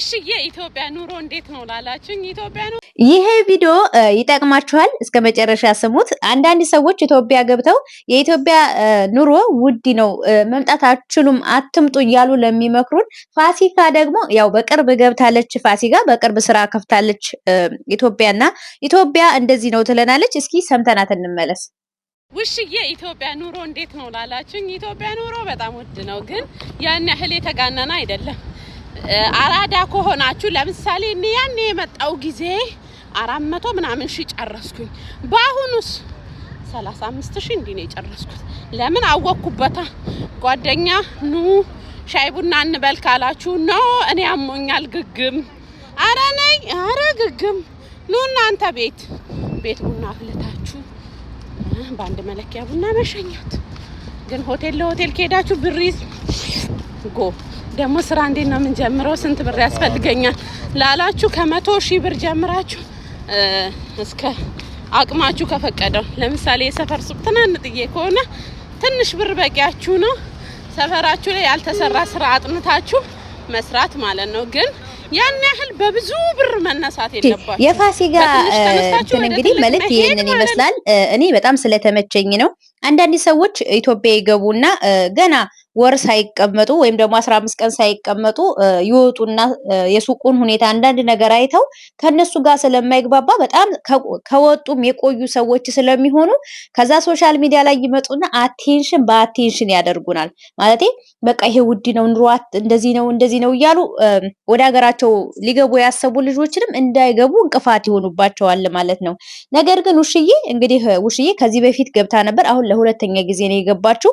ውሽዬ ኢትዮጵያ ኑሮ እንዴት ነው ላላችሁኝ፣ ኢትዮጵያ ኑሮ ይሄ ቪዲዮ ይጠቅማችኋል። እስከ መጨረሻ ስሙት። አንዳንድ ሰዎች ኢትዮጵያ ገብተው የኢትዮጵያ ኑሮ ውድ ነው፣ መምጣት አችሉም፣ አትምጡ እያሉ ለሚመክሩን፣ ፋሲካ ደግሞ ያው በቅርብ ገብታለች። ፋሲካ በቅርብ ስራ ከፍታለች ኢትዮጵያና ኢትዮጵያ እንደዚህ ነው ትለናለች። እስኪ ሰምተናት እንመለስ። ውሽዬ ኢትዮጵያ ኑሮ እንዴት ነው ላላችሁኝ፣ ኢትዮጵያ ኑሮ በጣም ውድ ነው፣ ግን ያን ያህል የተጋነነ አይደለም አራዳ ከሆናችሁ ለምሳሌ እኔ ያኔ የመጣው ጊዜ አራት መቶ ምናምን ሺ ጨረስኩኝ። በአሁኑስ ሰላሳ አምስት ሺ እንዲህ ነው የጨረስኩት። ለምን አወቅኩበታ። ጓደኛ ኑ ሻይ ቡና እንበል ካላችሁ ኖ እኔ አሞኛል ግግም፣ አረ ነኝ አረ ግግም፣ ኑ እናንተ ቤት ቤት ቡና አፍልታችሁ በአንድ መለኪያ ቡና መሸኛት። ግን ሆቴል ለሆቴል ከሄዳችሁ ብሪዝ ጎ ደግሞ ስራ እንዴት ነው የምንጀምረው፣ ስንት ብር ያስፈልገኛል ላላችሁ ከመቶ ሺህ ብር ጀምራችሁ እስከ አቅማችሁ ከፈቀደው፣ ለምሳሌ የሰፈር ሱቅ ትናንጥዬ ከሆነ ትንሽ ብር በቂያችሁ ነው። ሰፈራችሁ ላይ ያልተሰራ ስራ አጥንታችሁ መስራት ማለት ነው። ግን ያን ያህል በብዙ ብር መነሳት የለባችሁ። የፋሲካ እንትን እንግዲህ መልዕክት ይህንን ይመስላል። እኔ በጣም ስለተመቸኝ ነው። አንዳንድ ሰዎች ኢትዮጵያ ይገቡና ገና ወር ሳይቀመጡ ወይም ደግሞ አስራ አምስት ቀን ሳይቀመጡ ይወጡና የሱቁን ሁኔታ አንዳንድ ነገር አይተው ከነሱ ጋር ስለማይግባባ በጣም ከወጡም የቆዩ ሰዎች ስለሚሆኑ ከዛ ሶሻል ሚዲያ ላይ ይመጡና አቴንሽን በአቴንሽን ያደርጉናል። ማለቴ በቃ ይሄ ውድ ነው ኑሯት እንደዚህ ነው እንደዚህ ነው እያሉ ወደ ሀገራቸው ሊገቡ ያሰቡ ልጆችንም እንዳይገቡ እንቅፋት ይሆኑባቸዋል ማለት ነው። ነገር ግን ውሽዬ እንግዲህ ውሽዬ ከዚህ በፊት ገብታ ነበር። አሁን ለሁለተኛ ጊዜ ነው የገባችው።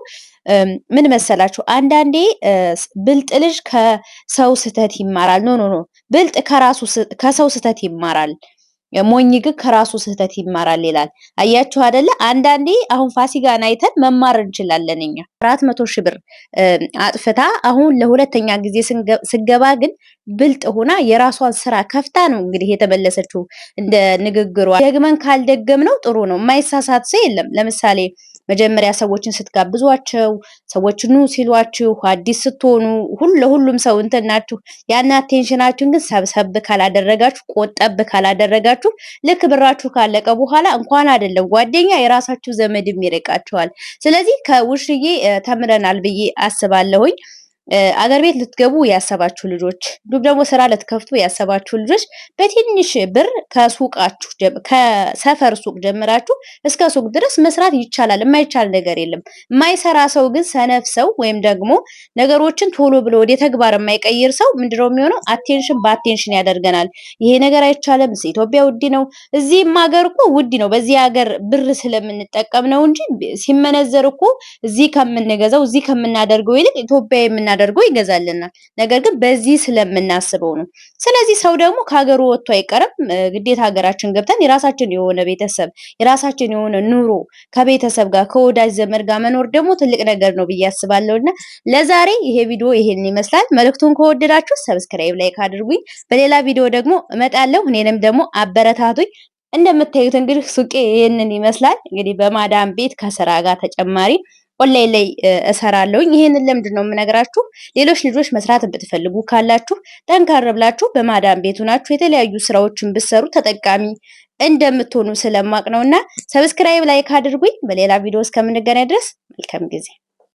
ምን መሰላችሁ ልንገራችሁ። አንዳንዴ ብልጥ ልጅ ከሰው ስህተት ይማራል። ኖ ኖ ኖ፣ ብልጥ ከሰው ስህተት ይማራል፣ ሞኝ ግን ከራሱ ስህተት ይማራል ይላል። አያችሁ አይደለ? አንዳንዴ አሁን ፋሲካን አይተን መማር እንችላለን። እኛ አራት መቶ ሺህ ብር አጥፍታ አሁን ለሁለተኛ ጊዜ ስገባ ግን ብልጥ ሆና የራሷን ስራ ከፍታ ነው እንግዲህ የተመለሰችው። እንደ ንግግሯ ደግመን ካልደገም ነው ጥሩ ነው። የማይሳሳት ሰው የለም። ለምሳሌ መጀመሪያ ሰዎችን ስትጋብዟቸው ሰዎች ኑ ሲሏችሁ አዲስ ስትሆኑ ለሁሉም ሰው እንትናችሁ ያን አቴንሽናችሁን ግን ሰብሰብ ካላደረጋችሁ፣ ቆጠብ ካላደረጋችሁ ልክ ብራችሁ ካለቀ በኋላ እንኳን አይደለም ጓደኛ የራሳችሁ ዘመድም ይርቃችኋል። ስለዚህ ከውሽዬ ተምረናል ብዬ አስባለሁኝ። አገር ቤት ልትገቡ ያሰባችሁ ልጆች እንዲሁም ደግሞ ስራ ልትከፍቱ ያሰባችሁ ልጆች በትንሽ ብር ከሱቃችሁ ከሰፈር ሱቅ ጀምራችሁ እስከ ሱቅ ድረስ መስራት ይቻላል። የማይቻል ነገር የለም። የማይሰራ ሰው ግን ሰነፍ ሰው ወይም ደግሞ ነገሮችን ቶሎ ብሎ ወደ ተግባር የማይቀይር ሰው ምንድነው የሚሆነው? አቴንሽን በአቴንሽን ያደርገናል። ይሄ ነገር አይቻልም፣ ኢትዮጵያ ውድ ነው። እዚህም ሀገር እኮ ውድ ነው። በዚህ ሀገር ብር ስለምንጠቀም ነው እንጂ ሲመነዘር እኮ እዚህ ከምንገዛው እዚህ ከምናደርገው ይልቅ ኢትዮጵያ የምና አድርጎ ይገዛልናል። ነገር ግን በዚህ ስለምናስበው ነው። ስለዚህ ሰው ደግሞ ከሀገሩ ወጥቶ አይቀርም። ግዴታ ሀገራችን ገብተን የራሳችን የሆነ ቤተሰብ የራሳችን የሆነ ኑሮ ከቤተሰብ ጋር ከወዳጅ ዘመድ ጋር መኖር ደግሞ ትልቅ ነገር ነው ብዬ አስባለሁ። እና ለዛሬ ይሄ ቪዲዮ ይሄን ይመስላል። መልእክቱን ከወደዳችሁ ሰብስክራይብ፣ ላይክ አድርጉኝ። በሌላ ቪዲዮ ደግሞ እመጣለሁ። እኔንም ደግሞ አበረታቱኝ። እንደምታዩት እንግዲህ ሱቄ ይህንን ይመስላል። እንግዲህ በማዳም ቤት ከስራ ጋር ተጨማሪ ኦንላይን ላይ እሰራለሁኝ። ይህንን ለምንድን ነው የምነግራችሁ? ሌሎች ልጆች መስራት ብትፈልጉ ካላችሁ ጠንካር ብላችሁ በማዳም ቤቱ ናችሁ የተለያዩ ስራዎችን ብትሰሩ ተጠቃሚ እንደምትሆኑ ስለማቅ ነው እና ሰብስክራይብ፣ ላይክ አድርጉኝ። በሌላ ቪዲዮ እስከምንገናኝ ድረስ መልካም ጊዜ